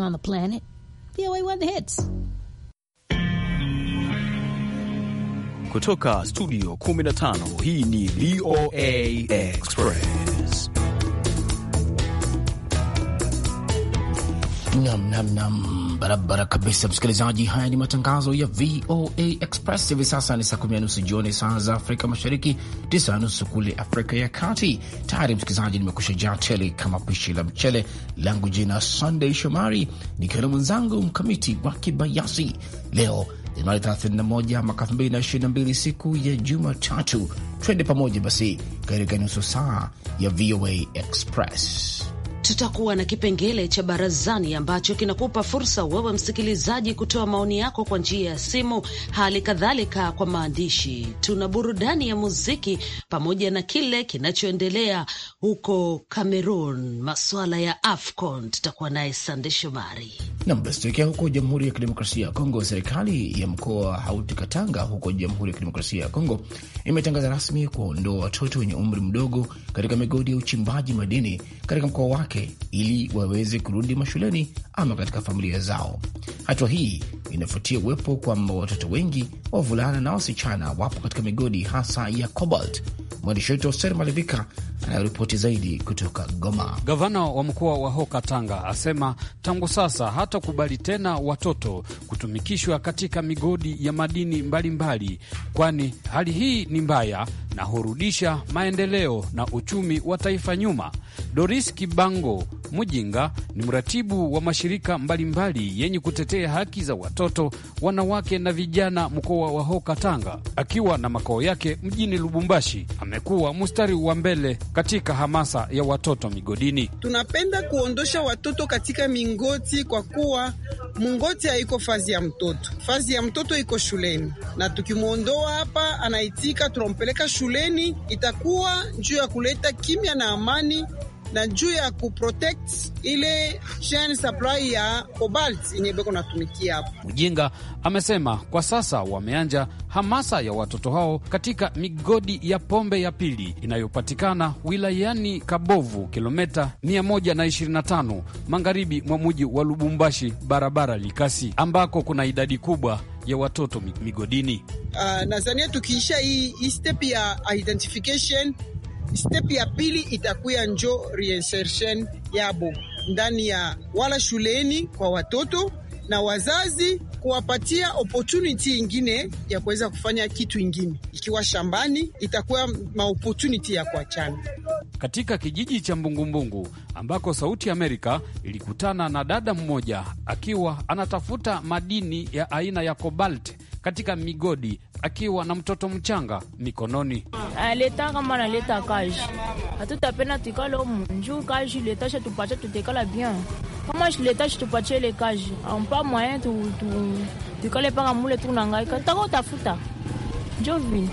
on the planet. VOA1 The Hits. Kutoka studio 15 hii ni VOA Express. Nam nam nam. barabara kabisa, msikilizaji. Haya ni matangazo ya VOA Express. Hivi sasa ni saa kumi na nusu jioni, saa za Afrika Mashariki, tisa na nusu kule Afrika ya Kati. Tayari msikilizaji, nimekusha jaa tele kama pishi la mchele langu. Jina Sunday Shomari, nikiwa na mwenzangu Mkamiti wa Kibayasi. Leo Januari 31 mwaka 2022, siku ya Jumatatu. Twende pamoja basi katika nusu saa ya VOA Express tutakuwa na kipengele cha barazani ambacho kinakupa fursa wewe msikilizaji kutoa maoni yako kwa njia ya simu, hali kadhalika kwa maandishi. Tuna burudani ya muziki pamoja na kile kinachoendelea huko Cameroon, masuala ya AFCON. Tutakuwa naye Sande Shomari nam. Basi tuekea huko Jamhuri ya Kidemokrasia ya Kongo, serikali ya mkoa wa katanga huko Jamhuri ya Kidemokrasia ya Kongo imetangaza rasmi kuwaondoa watoto wenye umri mdogo katika migodi ya uchimbaji madini katika mkoa wake wake ili waweze kurudi mashuleni ama katika familia zao. Hatua hii inafuatia uwepo kwamba watoto wengi wavulana na wasichana wapo katika migodi hasa ya cobalt. Mwandishi wetu Hoser Malivika anayoripoti zaidi kutoka Goma. Gavana wa mkoa wa Hoka Tanga asema tangu sasa hata kubali tena watoto kutumikishwa katika migodi ya madini mbalimbali, kwani hali hii ni mbaya na hurudisha maendeleo na uchumi wa taifa nyuma. Doris Kibango Kongo. Mujinga ni mratibu wa mashirika mbalimbali yenye kutetea haki za watoto, wanawake na vijana mkoa wa Hoka Tanga, akiwa na makao yake mjini Lubumbashi. Amekuwa mstari wa mbele katika hamasa ya watoto migodini. Tunapenda kuondosha watoto katika mingoti kwa kuwa mungoti haiko fazi ya mtoto, fazi ya mtoto iko shuleni, na tukimwondoa hapa anaitika, tunampeleka shuleni, itakuwa njuu ya kuleta kimya na amani na juu ya kuprotect ile chain supply ya cobalt yenye beko natumikia hapo. Mjinga amesema kwa sasa wameanja hamasa ya watoto hao katika migodi ya pombe ya pili inayopatikana wilayani Kabovu, kilometa 125 magharibi mwa muji wa Lubumbashi, barabara Likasi, ambako kuna idadi kubwa ya watoto migodini. Uh, ah, nazania tukiisha hii step ya identification Step ya pili itakuya njo reinsertion yabo ndani ya wala shuleni kwa watoto na wazazi kuwapatia opportunity ingine ya kuweza kufanya kitu ingine, ikiwa shambani itakuwa maopportunity ya kuachana. Katika kijiji cha Mbungumbungu ambako Sauti Amerika ilikutana na dada mmoja akiwa anatafuta madini ya aina ya kobalti katika migodi akiwa na mtoto mchanga mikononi. Aleta kama naleta kaji hatutapenda tukala mnju kaji letasha tupacha tutekala bien kama letasha tupache ile kaji ampa mwaye tukale paka mule tunangaika tako tafuta jovini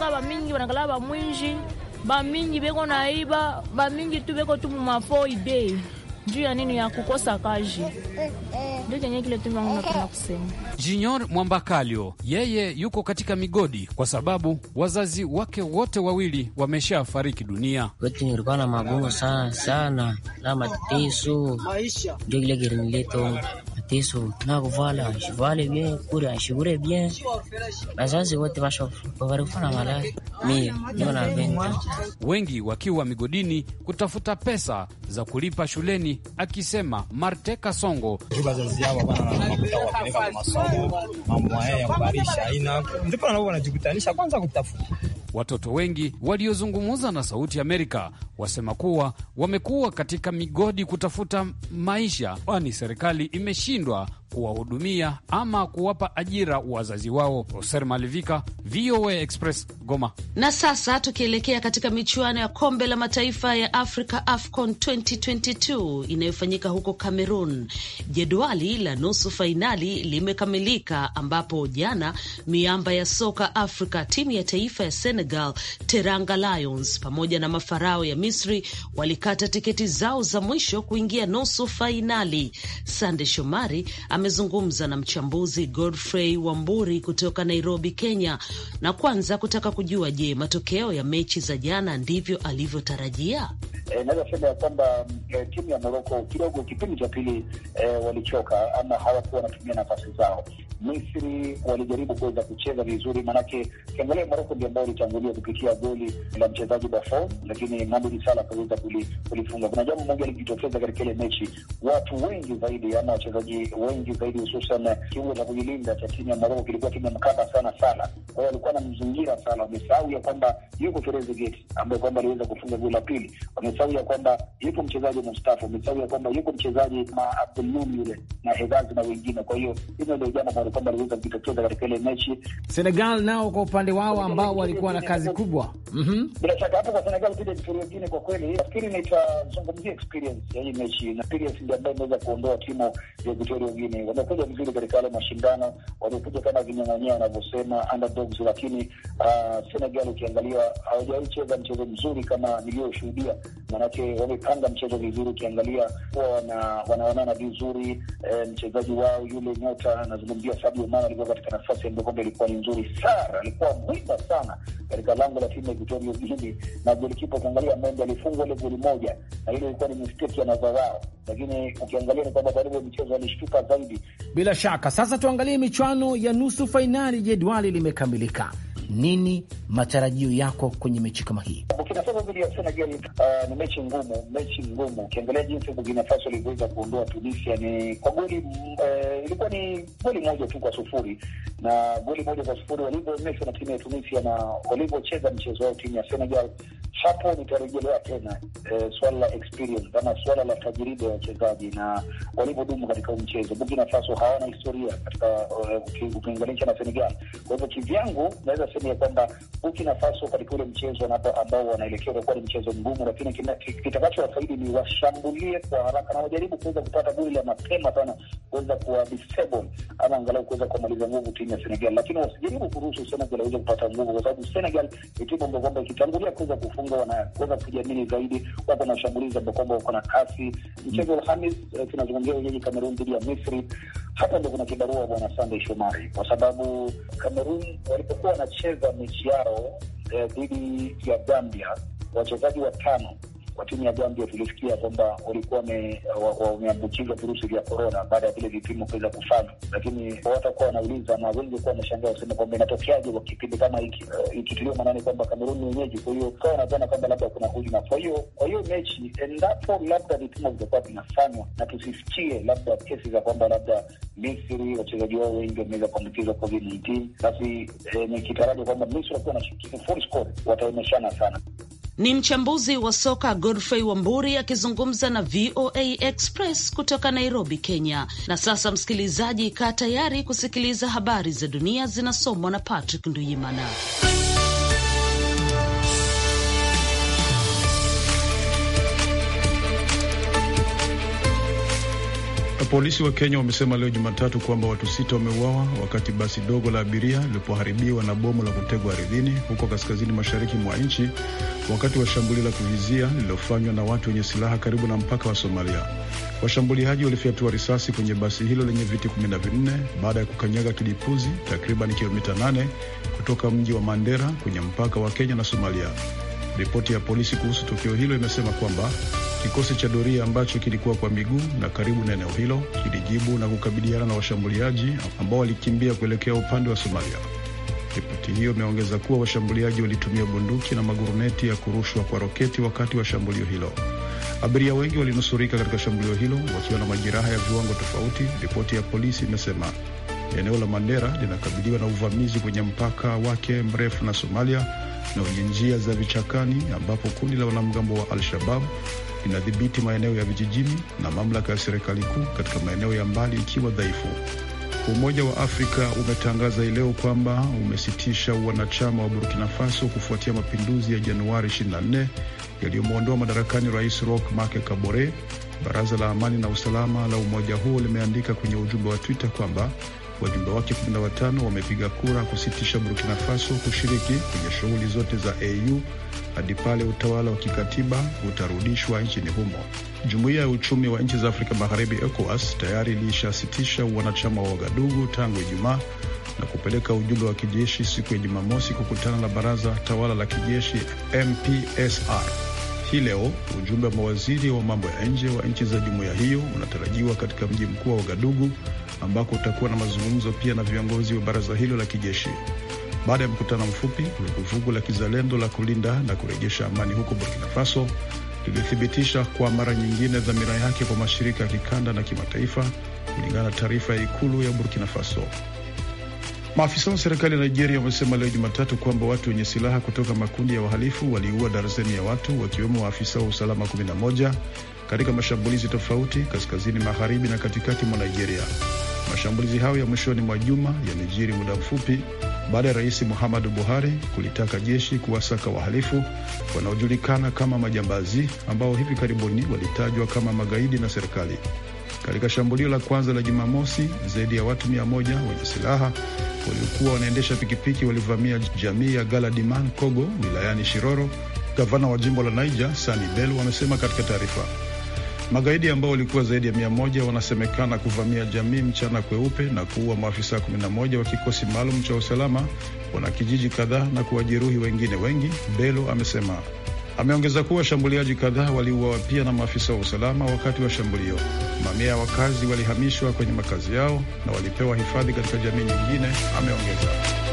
bamingi banakala bamwinji bamingi beko naiba bamingi tu beko tu mumafoi bei juu ya nini ya kukosa kazi, eh, eh, eh. ndio chenye kile tu kusema. Junior Mwambakalio yeye yuko katika migodi kwa sababu wazazi wake wote wawili wameshafariki dunia. Kwetu nilikuwa na magumu sana sana na mateso, ndio kile kilinileta mateso anshivale bien kuri anshivure bien bazazi wote venta, wengi wakiwa migodini kutafuta pesa za kulipa shuleni, akisema Marte Kasongo. Bazazi yao bana makuta wapeleka masomo mambo haya ya kubarisha ina ndipo wanajikutanisha kwanza kutafuta Watoto wengi waliozungumza na Sauti Amerika wasema kuwa wamekuwa katika migodi kutafuta maisha, kwani serikali imeshindwa kuwahudumia ama kuwapa ajira wazazi wao. Oser Malivika, VOA Express, Goma. Na sasa tukielekea katika michuano ya kombe la mataifa ya Afrika AFCON 2022 inayofanyika huko Cameroon, jedwali la nusu fainali limekamilika, ambapo jana miamba ya soka Afrika timu ya taifa ya Senegal Teranga Lions pamoja na mafarao ya Misri walikata tiketi zao za mwisho kuingia nusu fainali. Sande Shomari amezungumza na mchambuzi Godfrey Wamburi kutoka Nairobi, Kenya, na kwanza kutaka kujua, je, matokeo ya mechi za jana ndivyo alivyotarajia? E, naweza sema ya kwamba e, timu ya Moroko kidogo kipindi cha pili e, walichoka ama hawakuwa wanatumia nafasi zao Misri walijaribu kuweza kucheza vizuri, maanake ukiangalia Moroko ndio ambayo ilitangulia kupitia goli la mchezaji Bafo, lakini Mohamed Salah akaweza kulifunga. Kuna jambo moja likitokeza katika ile mechi, watu wengi zaidi ama wachezaji wengi zaidi, hususan kiungo cha kujilinda cha timu ya Moroko kilikuwa kimemkaba sana Salah. Kwa hiyo alikuwa anamzingira Salah. Wamesahau ya kwamba yuko Terezi Gate ambaye kwamba aliweza kufunga goli la pili. Wamesahau ya kwamba yuko mchezaji Mustafa, wamesahau ya kwamba yuko mchezaji Maabdulmum yule na Hegazi na wengine. Kwa hiyo hilo ndio jambo kwamba aliweza kujitokeza katika ile mechi. Senegal nao kwa upande wao ambao walikuwa na kazi kubwa, mm bila shaka hapo kwa Senegal pia kitu kingine, kwa kweli nafikiri nitazungumzia experience ya hii mechi, na experience ndio ambayo inaweza kuondoa timu ya Vitoria Guine. Wamekuja vizuri katika yale mashindano, walikuja kama vinyang'anyia wanavyosema underdogs, lakini uh, Senegal ukiangalia hawajawahi cheza mchezo mzuri kama niliyoshuhudia, maanake wamepanga mchezo vizuri, ukiangalia huwa wanaonana wana, vizuri eh, mchezaji wao yule nyota anazungumzia kwa sababu Omar alikuwa katika nafasi ambayo kwamba ilikuwa ni nzuri sana, alikuwa mwiba sana katika lango la timu ya Vitorio Ujini, na golikipa ukiangalia Mende alifungwa ile goli moja, na ile ilikuwa ni mistake ya Nazarao, lakini ukiangalia ni kwamba karibu mchezo alishtuka zaidi. Bila shaka, sasa tuangalie michuano ya nusu fainali, jedwali limekamilika nini matarajio yako kwenye mechi kama hii? Burkina Faso dhidi ya Senegal uh, ni mechi ngumu, mechi ngumu. Ukiangalia jinsi Burkina Faso ilivyoweza kuondoa Tunisia ni kwa goli, uh, ilikuwa ni goli moja tu kwa sufuri, na goli moja kwa sufuri walivyoonyeshwa na timu ya Tunisia na walivyocheza mchezo wao timu ya Senegal hapo nitarejelea tena e, swala la experience ama swala la tajriba ya wachezaji na walivyodumu katika huu mchezo. Burkina Faso hawana historia katika eh, ukilinganisha na Senegal. Kwa hivyo kivyangu, naweza sema ya kwamba Burkina Faso katika ule mchezo ambao wanaelekea utakuwa ni mchezo mgumu, lakini kitakachowafaidi ni washambulie kwa haraka na wajaribu kuweza kupata goli la mapema sana, kuweza kuwa disable ama angalau kuweza kumaliza nguvu timu ya Senegal, lakini wasijaribu kuruhusu Senegal aweze kupata nguvu, kwa sababu Senegal ni timu ambayo kwamba ikitangulia kuweza kufunga ambao wanaweza kujiamini zaidi, wapo na shambulizi ambao kwamba uko na kasi. Mchezo wa Alhamis tunazungumzia eh, wenyeji Kamerun dhidi ya Misri. Hapa ndo kuna kibarua bwana Sandey Shomari, kwa sababu Kamerun walipokuwa wanacheza mechi yao eh, dhidi ya Gambia, wachezaji watano kwa timu ya Gambia tulisikia kwamba walikuwa wameambukizwa virusi vya korona baada ya vile vipimo kuweza kufanya, lakini watakuwa wanauliza na wengi kuwa wameshangaa wasema kwamba inatokeaje kwa kipindi kama hiki, eh, ikitiliwa maanani kwamba Kameruni wenyeji. Kwa hiyo kawa wanadhana kwamba labda kuna hujuma. Kwa hiyo kwa hiyo mechi, endapo labda vipimo vitakuwa vinafanywa na tusisikie labda kesi za kwamba labda Misri wachezaji wao wengi wameweza kuambukizwa covid 19, basi eh, nikitaraja kwamba Misri wakiwa na full score wataonyeshana sana. Ni mchambuzi wa soka Godfrey Wamburi akizungumza na VOA Express kutoka Nairobi, Kenya. Na sasa, msikilizaji, kaa tayari kusikiliza habari za dunia zinasomwa na Patrick Nduyimana. Polisi wa Kenya wamesema leo Jumatatu kwamba watu sita wameuawa wakati basi dogo la abiria lilipoharibiwa na bomu la kutegwa ardhini huko kaskazini mashariki mwa nchi wakati wa shambulio la kuvizia lililofanywa na watu wenye silaha karibu na mpaka wa Somalia. Washambuliaji walifyatua risasi kwenye basi hilo lenye viti 14 baada ya kukanyaga kidipuzi takriban kilomita 8 kutoka mji wa Mandera kwenye mpaka wa Kenya na Somalia. Ripoti ya polisi kuhusu tukio hilo imesema kwamba kikosi cha doria ambacho kilikuwa kwa miguu na karibu na eneo hilo kilijibu na kukabiliana na washambuliaji ambao walikimbia kuelekea upande wa Somalia. Ripoti hiyo imeongeza kuwa washambuliaji walitumia bunduki na maguruneti ya kurushwa kwa roketi wakati wa shambulio hilo. Abiria wengi walinusurika katika shambulio hilo wakiwa na majeraha ya viwango tofauti, ripoti ya polisi imesema. Eneo la Mandera linakabiliwa na uvamizi kwenye mpaka wake mrefu na Somalia na wenye njia za vichakani, ambapo kundi la wanamgambo wa Al-Shabab linadhibiti maeneo ya vijijini na mamlaka ya serikali kuu katika maeneo ya mbali ikiwa dhaifu. Umoja wa Afrika umetangaza hii leo kwamba umesitisha wanachama wa Burkina Faso kufuatia mapinduzi ya Januari 24 yaliyomwondoa madarakani rais Roch Marc Kabore. Baraza la Amani na Usalama la umoja huo limeandika kwenye ujumbe wa Twitter kwamba wajumbe wake 15 wamepiga kura kusitisha Burkina Faso kushiriki kwenye shughuli zote za AU hadi pale utawala wa kikatiba utarudishwa nchini humo. Jumuiya ya uchumi wa nchi za Afrika Magharibi, ECOWAS, tayari ilishasitisha wanachama wa Wagadugu tangu Ijumaa na kupeleka ujumbe wa kijeshi siku ya Jumamosi kukutana na baraza tawala la kijeshi MPSR. Hii leo ujumbe wa mawaziri wa mambo ya nje wa nchi za jumuiya hiyo unatarajiwa katika mji mkuu wa Wagadugu, ambako utakuwa na mazungumzo pia na viongozi wa baraza hilo la kijeshi. Baada ya mkutano mfupi, vuguvugu la kizalendo la kulinda na kurejesha amani huko Burkina Faso lilithibitisha kwa mara nyingine dhamira yake kwa mashirika ya kikanda na kimataifa, kulingana na taarifa ya ikulu ya Burkina Faso. Maafisa wa serikali ya Nigeria wamesema leo Jumatatu kwamba watu wenye silaha kutoka makundi ya wahalifu waliua darzeni ya watu wakiwemo waafisa wa usalama 11 katika mashambulizi tofauti kaskazini magharibi na katikati mwa Nigeria. Mashambulizi hayo ya mwishoni mwa juma yamejiri muda mfupi baada ya Rais Muhammadu Buhari kulitaka jeshi kuwasaka wahalifu wanaojulikana kama majambazi ambao hivi karibuni walitajwa kama magaidi na serikali. Katika shambulio la kwanza la Jumamosi, zaidi ya watu mia moja wenye silaha waliokuwa wanaendesha pikipiki walivamia jamii ya Galadiman Kogo wilayani Shiroro. Gavana wa jimbo la Niger Sani Bello wamesema katika taarifa, magaidi ambao walikuwa zaidi ya mia moja wanasemekana kuvamia jamii mchana kweupe na kuua maafisa 11 wa kikosi maalum cha usalama, wanakijiji kadhaa na kuwajeruhi wengine wengi, Bello amesema. Ameongeza kuwa washambuliaji kadhaa waliuawa pia na maafisa wa usalama wakati wa shambulio. Mamia ya wakazi walihamishwa kwenye makazi yao na walipewa hifadhi katika jamii nyingine, ameongeza.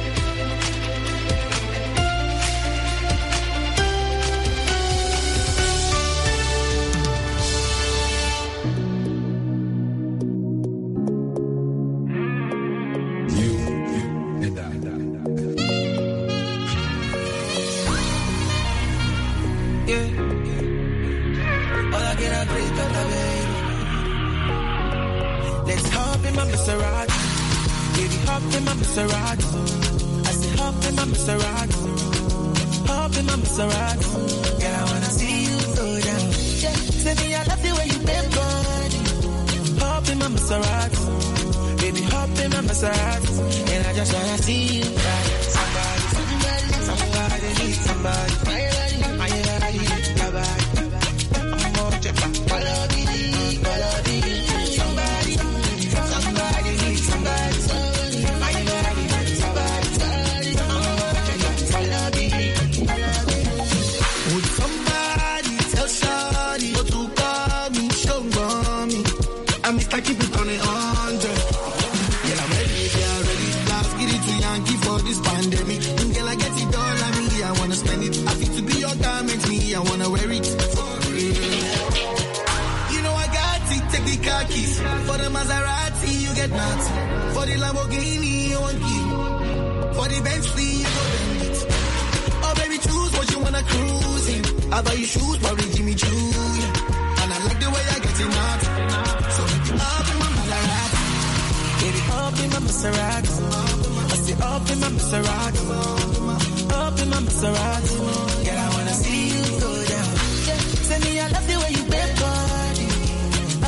Maserati. Up in my Maserati. Girl, I wanna see you go down. Yeah. Say me, I love the way you bend body.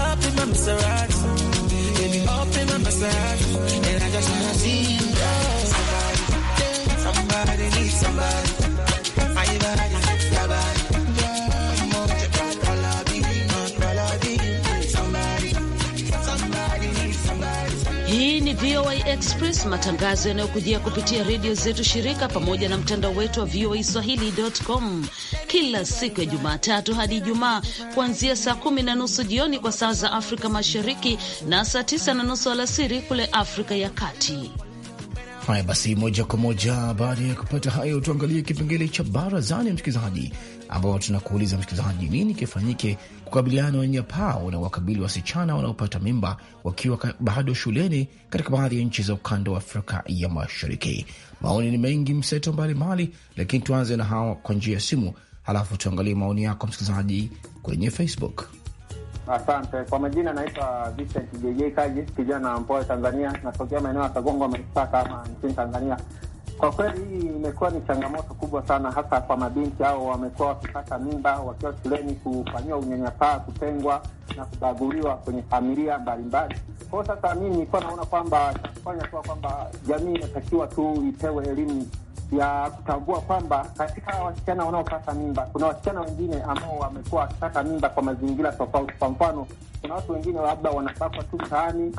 Up in my Maserati. Baby, up in my Maserati. Express, matangazo yanayokujia kupitia redio zetu shirika pamoja na mtandao wetu wa VOA Swahili.com kila siku ya Jumatatu hadi Ijumaa kuanzia saa kumi na nusu jioni kwa saa za Afrika Mashariki na saa tisa na nusu alasiri kule Afrika ya Kati. Haya basi, moja kwa moja baada ya kupata hayo, tuangalie kipengele cha barazani, msikilizaji ambao tunakuuliza msikilizaji, nini kifanyike kukabiliana na unyanyapaa unaowakabili wasichana wanaopata mimba wakiwa bado shuleni katika baadhi ya nchi za ukanda wa Afrika ya Mashariki. Maoni ni mengi mseto mbalimbali, lakini tuanze na hawa kwa njia ya simu, halafu tuangalie maoni yako msikilizaji kwenye Facebook. Asante kwa majina, naitwa Vincent JJ Kaji, kijana mpoa Tanzania, natokea maeneo ya Kagongo Maisaka ama nchini Tanzania. Kwa kweli hii imekuwa ni changamoto kubwa sana, hasa kwa mabinti hao wamekuwa wakipata mimba wakiwa shuleni, kufanyiwa unyanyapaa, kutengwa na kubaguliwa kwenye familia mbalimbali. Kwa hiyo sasa mimi nilikuwa naona kwamba cha kufanya kuwa kwamba jamii inatakiwa tu ipewe elimu ya kutambua kwamba katika wasichana wanaopata mimba kuna wasichana wengine ambao wamekuwa wakipata mimba kwa mazingira tofauti. Kwa mfano, kuna watu wengine labda wanapakwa tu mtaani.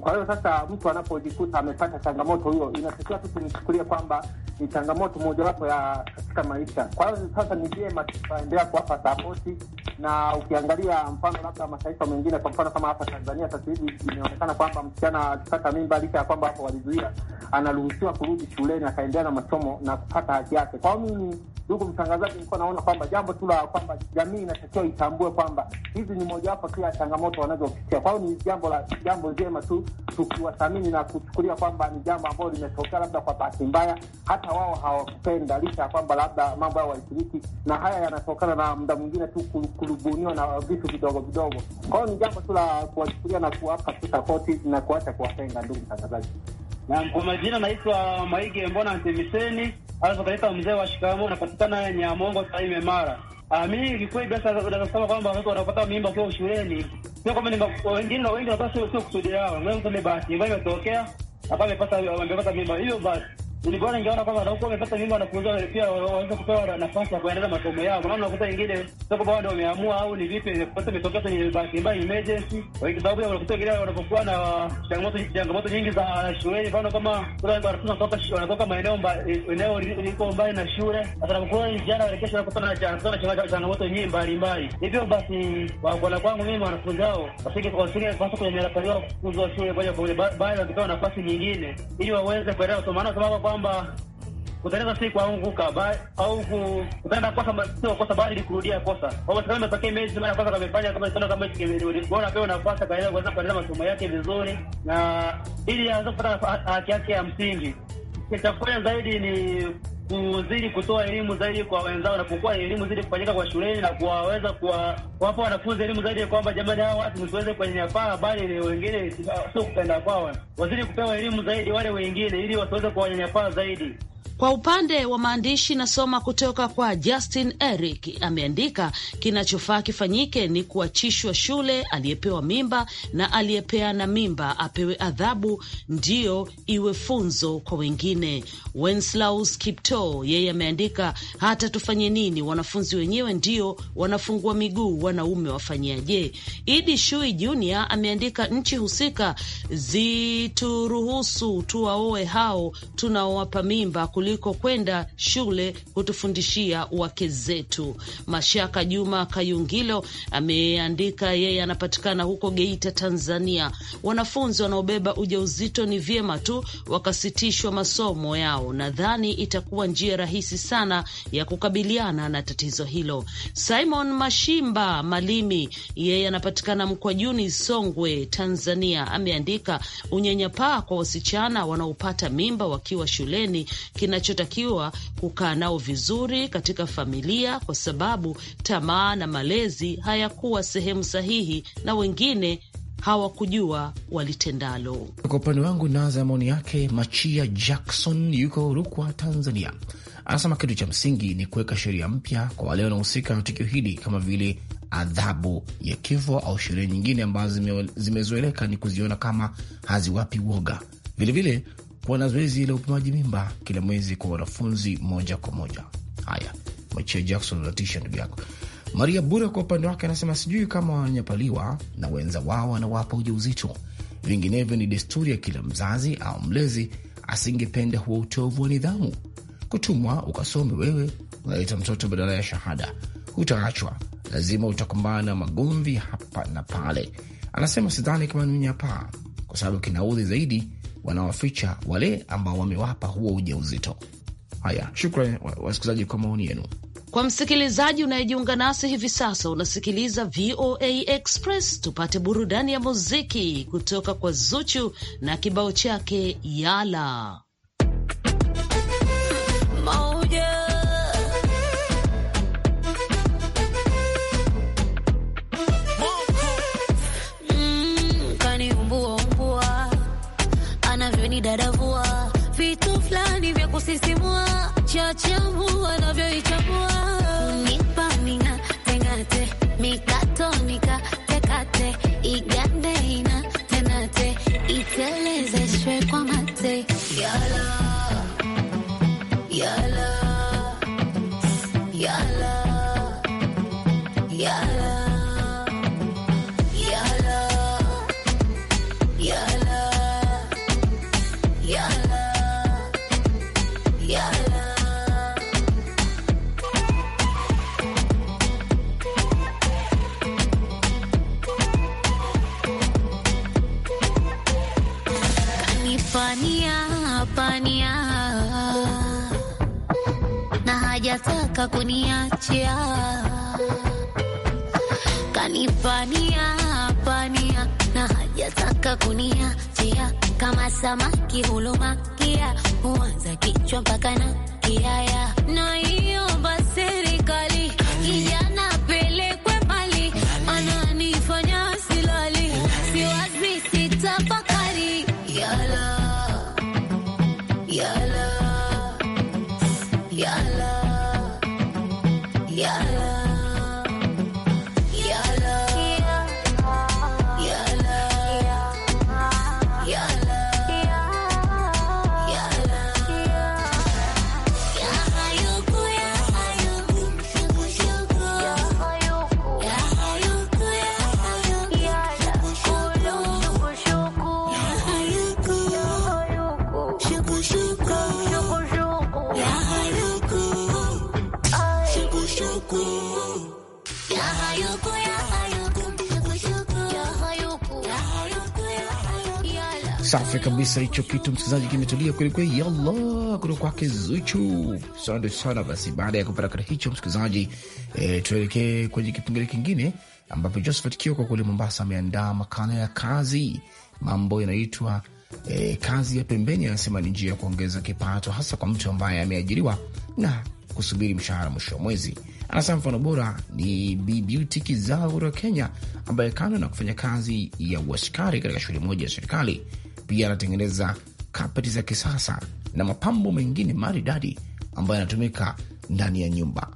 Kwa hiyo sasa, mtu anapojikuta amepata changamoto hiyo, inatakiwa tu tumchukulie kwamba ni changamoto mojawapo ya katika maisha. Kwa hiyo sasa ni vyema tukaendelea kuwapa sapoti, na ukiangalia mfano labda mataifa mengine, kwa mfano kama hapa Tanzania sasa hivi imeonekana kwamba msichana akipata mimba, licha ya kwamba hapo walizuia, anaruhusiwa kurudi shuleni akaendelea na masomo masomo na kupata haki yake. Kwa mimi, ndugu mtangazaji, nilikuwa naona kwamba jambo tu la kwamba jamii inatakiwa itambue kwamba hizi ni mojawapo tu ya changamoto wanazopitia. Kwa hiyo ni jambo la jambo jema tu tukiwathamini na kuchukulia kwamba ni jambo ambalo limetokea labda kwa bahati mbaya, hata wao hawakupenda, licha ya kwamba labda mambo yao walishiriki, na haya yanatokana na muda mwingine tu kurubuniwa na vitu vidogo vidogo. Kwa hiyo ni jambo tu la kuwachukulia na kuwapa tu sapoti na kuacha kuwapenda, ndugu mtangazaji. Na kwa majina naitwa Maige Mbona Ntemiseni, alafu kaita mzee wa shikamo napatikana Nyamongo Tarime, Mara. Mimi ah, kikweli basi naweza kwamba watu wanapata mimba kwa shuleni, sio kama ni wengine na wengi, hata sio kusudi lao, mimi mtu ni bahati mbaya imetokea hapa, amepata amepata mimba hiyo basi ilikuwa ingeona kwamba watakuwa wamepata nyumba na kuuza pia waweza kupewa nafasi ya kuendeleza masomo yao, kwa maana unakuta wengine soko bado wameamua au ni vipi kupata mitokeo ni bahati mbaya emergency, kwa sababu ya unakuta wengine wanapokuwa na changamoto changamoto nyingi za shuleni, mfano kama wanatoka wanatoka maeneo eneo liko mbali na shule, hata napokuwa vijana waelekesha wanakutana na changamoto nyingi mbalimbali. Hivyo basi wakona kwangu mimi wanafunzi hao wasinge wasinge pasa kwenye nyaraka yao kukuzwa shule, kwa moja, baada ya kupewa nafasi nyingine ili waweze kuelewa somo, maana sababu kwamba kutendeza si kuanguka au kutenda kosa, sio kosa bali kurudia kosa. Kwa sababu kama pekee mechi mara kwanza kamefanya kama sio kama mechi bora, pewa nafasi kwa kuweza kuendelea masomo yake vizuri, na ili aanze kupata haki yake ya msingi. Kitafanya zaidi ni kuzidi kutoa elimu zaidi kwa wenzao, napokuwa elimu zidi kufanyika kwa shuleni na kuwaweza kuwapa wanafunzi elimu zaidi, kwamba jamani, hawa watu msiweze kuwanyanyapaa, bali ni wengine sio kupenda kwao, wazidi kupewa elimu zaidi wale wengine, ili wasiweze kuwanyanyapaa zaidi. Kwa upande wa maandishi nasoma kutoka kwa Justin Eric, ameandika kinachofaa kifanyike ni kuachishwa shule, aliyepewa mimba na aliyepeana mimba apewe adhabu, ndiyo iwe funzo kwa wengine. Wenslaus Kipto yeye ameandika hata tufanye nini, wanafunzi wenyewe ndio wanafungua miguu, wanaume wafanyaje? Idi Shui Junior ameandika nchi husika zituruhusu tuwaoe hao tunaowapa mimba kuliko kwenda shule kutufundishia wake zetu. Mashaka Juma Kayungilo ameandika, yeye anapatikana huko Geita, Tanzania. Wanafunzi wanaobeba ujauzito ni vyema tu wakasitishwa masomo yao, nadhani itakuwa njia rahisi sana ya kukabiliana na tatizo hilo. Simon Mashimba Malimi, yeye anapatikana Mkwajuni, Songwe, Tanzania, ameandika, unyanyapaa kwa wasichana wanaopata mimba wakiwa shuleni kina kinachotakiwa kukaa nao vizuri katika familia, kwa sababu tamaa na malezi hayakuwa sehemu sahihi na wengine hawakujua walitendalo. Kwa upande wangu, ya maoni yake. Machia Jackson yuko Rukwa, Tanzania, anasema kitu cha msingi ni kuweka sheria mpya kwa wale wanaohusika na tukio hili, kama vile adhabu ya kifo au sheria nyingine ambazo zimezoeleka ni kuziona kama haziwapi woga. Vilevile kuwa na zoezi la upimaji mimba kila mwezi kwa wanafunzi moja kwa moja. Haya, mwachia Jackson unatisha ndugu yako. Maria Bura kwa upande wake anasema sijui kama wananyapaliwa na wenza wao wanawapa ujauzito, vinginevyo ni desturi ya kila mzazi au mlezi asingependa huo utovu wa nidhamu. Kutumwa ukasome wewe, unaleta mtoto badala ya shahada, hutaachwa, lazima utakumbana na magomvi hapa na pale. Anasema sidhani kama ni unyapaa, kwa sababu kinaudhi zaidi wanawaficha wale ambao wamewapa huo ujauzito. Haya, shukran wasikilizaji kwa maoni yenu. Kwa msikilizaji unayejiunga nasi hivi sasa, unasikiliza VOA Express. Tupate burudani ya muziki kutoka kwa Zuchu na kibao chake Yala. kudaravua vitu fulani vya kusisimua, chachamua navyoichambua, nipamina tengate mikato nika, tekate igande ina, tenate itelezeshwe kwa mate yala yala yala yala kutaka kuniachia, kanifania pania na hajataka kuniachia, kama samaki hulumakia, huanza kichwa mpaka na kiaya, na hiyo serikali kijana pelekwe mbali, ananifanya silali, siwazi sitafakari yala yala yala Yeah. Safi kabisa, hicho kitu msikilizaji, kimetulia kwelikweli. Yalla kutoka kwake Zuchu, sande sana. Basi baada ya kupata kata hicho msikilizaji, e, tuelekee kwenye kipengele kingine ambapo Josephat Kioko kule Mombasa ameandaa makala ya kazi, mambo yanaitwa e, kazi ya pembeni. Anasema ni njia ya kuongeza kipato, hasa kwa mtu ambaye ameajiriwa na kusubiri mshahara mwisho wa mwezi. Anasema mfano bora ni Bi Beauty Kizaa kutoka Kenya, ambaye kando na kufanya kazi ya uaskari katika shule moja ya serikali pia anatengeneza kapeti za kisasa na mapambo mengine maridadi ambayo yanatumika ndani ya nyumba.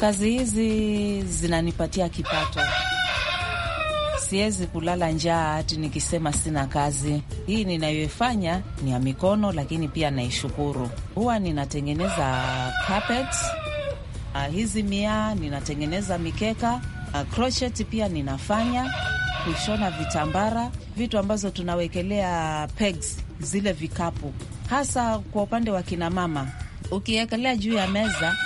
Kazi hizi zinanipatia kipato, siwezi kulala njaa hati nikisema sina kazi. Hii ninayoifanya ni ya mikono, lakini pia naishukuru. Huwa ninatengeneza carpet, ah, hizi miaa, ninatengeneza mikeka, ah, crochet pia ninafanya kushona vitambara, vitu ambazo tunawekelea pegs, zile vikapu, hasa kwa upande wa kinamama. Ukiekelea juu ya meza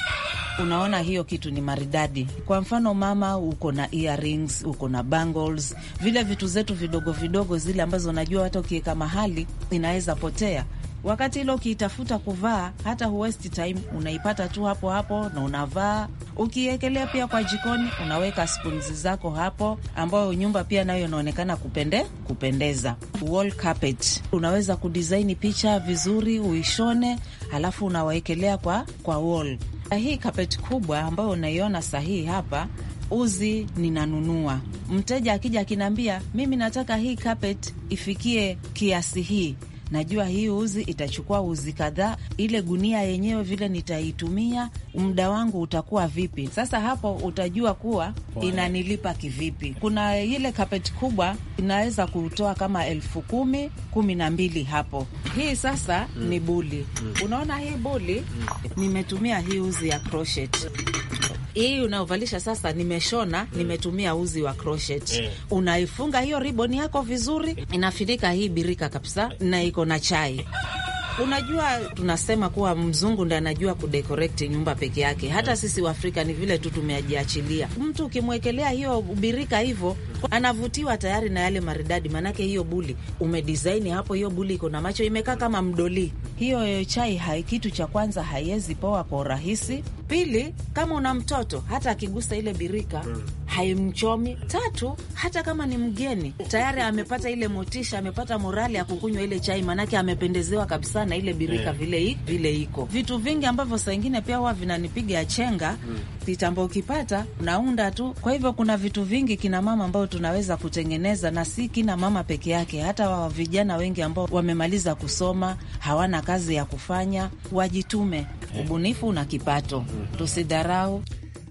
unaona hiyo kitu ni maridadi. Kwa mfano, mama, uko na earrings, uko na bangles, vile vitu zetu vidogo vidogo, zile ambazo unajua hata ukiweka mahali inaweza potea wakati hilo ukiitafuta kuvaa hata huwesti time, unaipata tu hapo hapo na unavaa. Ukiekelea pia kwa jikoni, unaweka spoons zako hapo, ambayo nyumba pia nayo inaonekana kupende, kupendeza. Wall carpet unaweza kudisaini picha vizuri, uishone, halafu unawaekelea kwa, kwa wall hii kapeti kubwa ambayo unaiona sahihi hapa, uzi ninanunua. Mteja akija akinaambia mimi nataka hii kapeti ifikie kiasi hii, najua hii uzi itachukua uzi kadhaa, ile gunia yenyewe vile nitaitumia, muda wangu utakuwa vipi? Sasa hapo utajua kuwa inanilipa kivipi. Kuna ile kapeti kubwa inaweza kutoa kama elfu kumi kumi na mbili hapo. Hii sasa mm. ni buli mm. unaona hii buli mm. nimetumia hii uzi ya crochet hii unaovalisha sasa, nimeshona mm. nimetumia uzi wa crochet yeah. Mm. unaifunga hiyo riboni yako vizuri, inafirika hii birika kabisa, na iko na chai Unajua, tunasema kuwa mzungu ndi anajua kudekorekti nyumba peke yake. Hata mm. sisi Waafrika ni vile tu tumejiachilia. Mtu ukimwekelea hiyo birika hivyo, anavutiwa tayari na yale maridadi, maanake hiyo buli umedisaini hapo, hiyo buli iko na macho, imekaa kama mdoli. Hiyo chai hai, kitu cha kwanza haiwezi poa kwa urahisi. Pili, kama una mtoto hata akigusa ile birika hmm. haimchomi. Tatu, hata kama ni mgeni tayari amepata ile motisha, amepata morali ya kukunywa ile chai, maanake amependezewa kabisa na ile birika yeah. Hmm. Vile, vile iko vitu vingi ambavyo saa ingine pia huwa vinanipiga chenga mm spiti ambao ukipata unaunda tu. Kwa hivyo kuna vitu vingi kina mama ambao tunaweza kutengeneza, na si kina mama peke yake, hata wa vijana wengi ambao wamemaliza kusoma hawana kazi ya kufanya, wajitume. Eh. Ubunifu na kipato mm-hmm. tusidharau.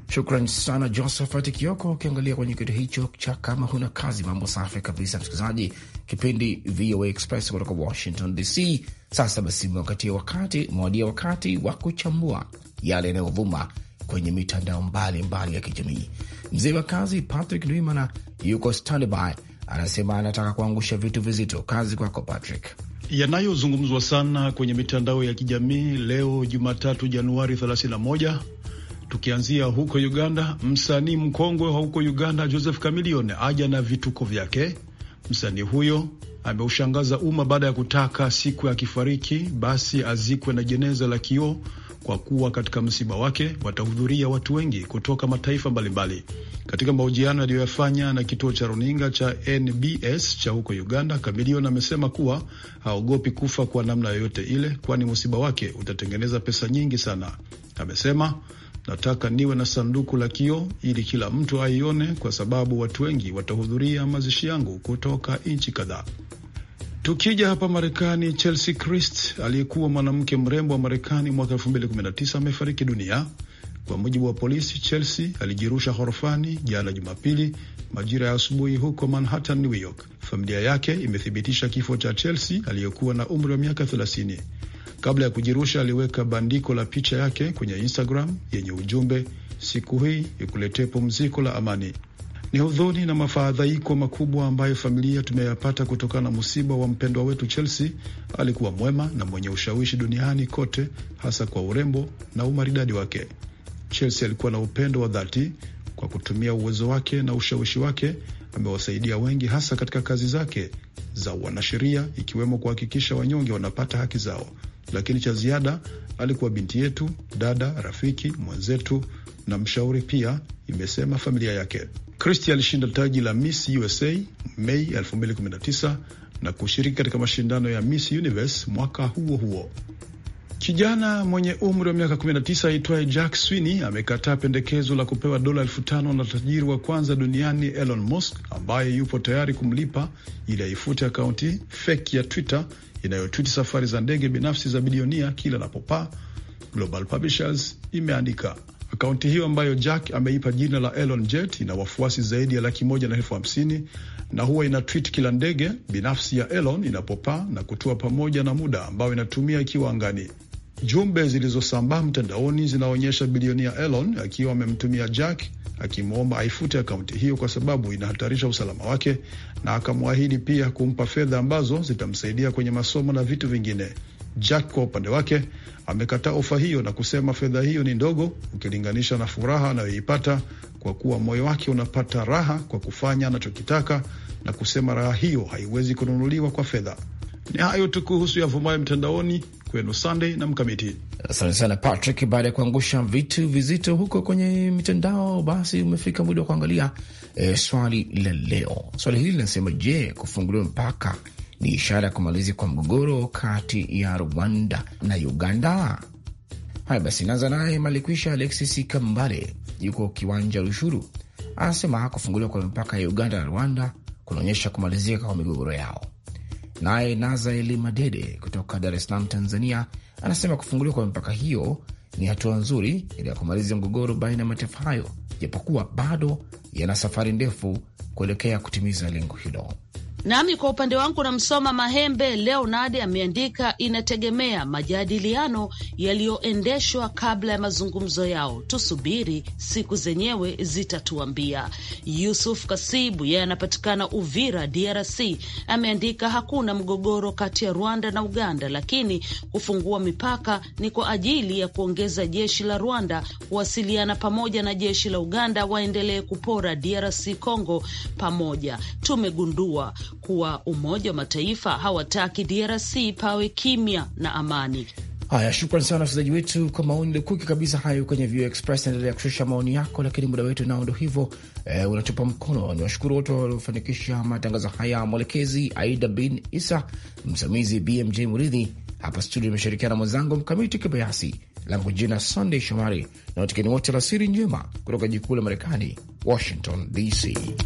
Shukran sana Josephat Kioko, ukiangalia kwenye kitu hicho cha kama huna kazi. Mambo safi kabisa, msikilizaji. Kipindi VOA Express kutoka Washington DC. Sasa basi, wakati wakati mwadia, wakati wa kuchambua yale yanayovuma kwenye mitandao mbalimbali ya kijamii. Mzee wa kazi Patrick Ndwimana yuko standby, anasema anataka kuangusha vitu vizito. Kazi kwako Patrick. Yanayozungumzwa sana kwenye mitandao ya kijamii leo Jumatatu Januari 31 tukianzia huko Uganda, msanii mkongwe wa huko Uganda Joseph Chameleone aja na vituko vyake. Msanii huyo ameushangaza umma baada ya kutaka siku ya kifariki basi azikwe na jeneza la kioo kwa kuwa katika msiba wake watahudhuria watu wengi kutoka mataifa mbalimbali. Katika mahojiano aliyoyafanya na kituo cha runinga cha NBS cha huko Uganda, Kamilion amesema kuwa haogopi kufa kwa namna yoyote ile, kwani msiba wake utatengeneza pesa nyingi sana. Amesema, nataka niwe na sanduku la kioo ili kila mtu aione, kwa sababu watu wengi watahudhuria mazishi yangu kutoka nchi kadhaa. Tukija hapa Marekani, Chelsea Christ aliyekuwa mwanamke mrembo wa Marekani mwaka 2019 amefariki dunia. Kwa mujibu wa polisi, Chelsea alijirusha ghorofani jana Jumapili majira ya asubuhi huko Manhattan, New York. Familia yake imethibitisha kifo cha Chelsea aliyekuwa na umri wa miaka 30. Kabla ya kujirusha, aliweka bandiko la picha yake kwenye Instagram yenye ujumbe, siku hii ikuletee pumziko la amani. Ni huzuni na mafadhaiko makubwa ambayo familia tumeyapata kutokana na msiba wa mpendwa wetu Chelsea. Alikuwa mwema na mwenye ushawishi duniani kote, hasa kwa urembo na umaridadi wake. Chelsea alikuwa na upendo wa dhati. Kwa kutumia uwezo wake na ushawishi wake, amewasaidia wengi, hasa katika kazi zake za wanasheria, ikiwemo kuhakikisha wanyonge wanapata haki zao lakini cha ziada alikuwa binti yetu, dada, rafiki, mwenzetu na mshauri pia, imesema familia yake. Christie alishinda taji la Miss USA Mei 2019 na kushiriki katika mashindano ya Miss Universe mwaka huo huo. Kijana mwenye umri wa miaka 19 aitwaye Jack Sweeney amekataa pendekezo la kupewa dola elfu tano na tajiri wa kwanza duniani Elon Musk ambaye yupo tayari kumlipa ili aifute akaunti feki ya Twitter inayotwiti safari za ndege binafsi za bilionia kila napopaa, Global Publishers imeandika. Akaunti hiyo ambayo Jack ameipa jina la Elon Jet ina wafuasi zaidi ya laki moja na elfu hamsini na huwa ina twit kila ndege binafsi ya Elon inapopaa na kutua pamoja na muda ambao inatumia ikiwa angani. Jumbe zilizosambaa mtandaoni zinaonyesha bilionia Elon akiwa amemtumia Jack akimwomba aifute akaunti hiyo kwa sababu inahatarisha usalama wake, na akamwahidi pia kumpa fedha ambazo zitamsaidia kwenye masomo na vitu vingine. Jack kwa upande wake amekataa ofa hiyo na kusema fedha hiyo ni ndogo ukilinganisha na furaha anayoipata kwa kuwa moyo wake unapata raha kwa kufanya anachokitaka, na kusema raha hiyo haiwezi kununuliwa kwa fedha. Ni hayo tu kuhusu yavumayo mtandaoni kwenu Sunday na Mkamiti. Asante sana Patrick. Baada ya kuangusha vitu vizito huko kwenye mitandao, basi umefika muda wa kuangalia e, swali la leo. Swali hili linasema, je, kufunguliwa mpaka ni ishara ya kumalizi kwa mgogoro kati ya Rwanda na Uganda? Haya basi, naanza naye Malikwisha Alexis Kambale, yuko Kiwanja Rushuru, anasema kufunguliwa kwa mipaka ya Uganda na Rwanda kunaonyesha kumalizika kwa migogoro yao. Naye Nazaeli Madede kutoka Dar es Salaam, Tanzania, anasema kufunguliwa kwa mipaka hiyo ni hatua nzuri ili ya kumaliza mgogoro baina ya mataifa hayo, japokuwa bado yana safari ndefu kuelekea kutimiza lengo hilo. Nami kwa upande wangu namsoma Mahembe Leonard ameandika, inategemea majadiliano yaliyoendeshwa kabla ya mazungumzo yao. Tusubiri, siku zenyewe zitatuambia. Yusuf Kasibu yeye anapatikana Uvira, DRC, ameandika, hakuna mgogoro kati ya Rwanda na Uganda, lakini kufungua mipaka ni kwa ajili ya kuongeza jeshi la Rwanda kuwasiliana pamoja na jeshi la Uganda waendelee kupora DRC Congo pamoja. Tumegundua kuwa Umoja wa Mataifa hawataki DRC pawe kimya na amani. Haya, shukran sana wasikilizaji wetu kwa maoni lukuki kabisa hayo kwenye VOA Express. Naendelea kushusha maoni yako, lakini muda wetu nao ndo hivyo e, unatupa mkono. Ni washukuru wote waliofanikisha matangazo haya, mwelekezi Aida bin Isa, msimamizi BMJ Muridhi. Hapa studio imeshirikiana mwenzangu Mkamiti Kibayasi, langu jina Sunday Shomari na watikeni wote, la siri njema kutoka jikuu la Marekani, Washington DC.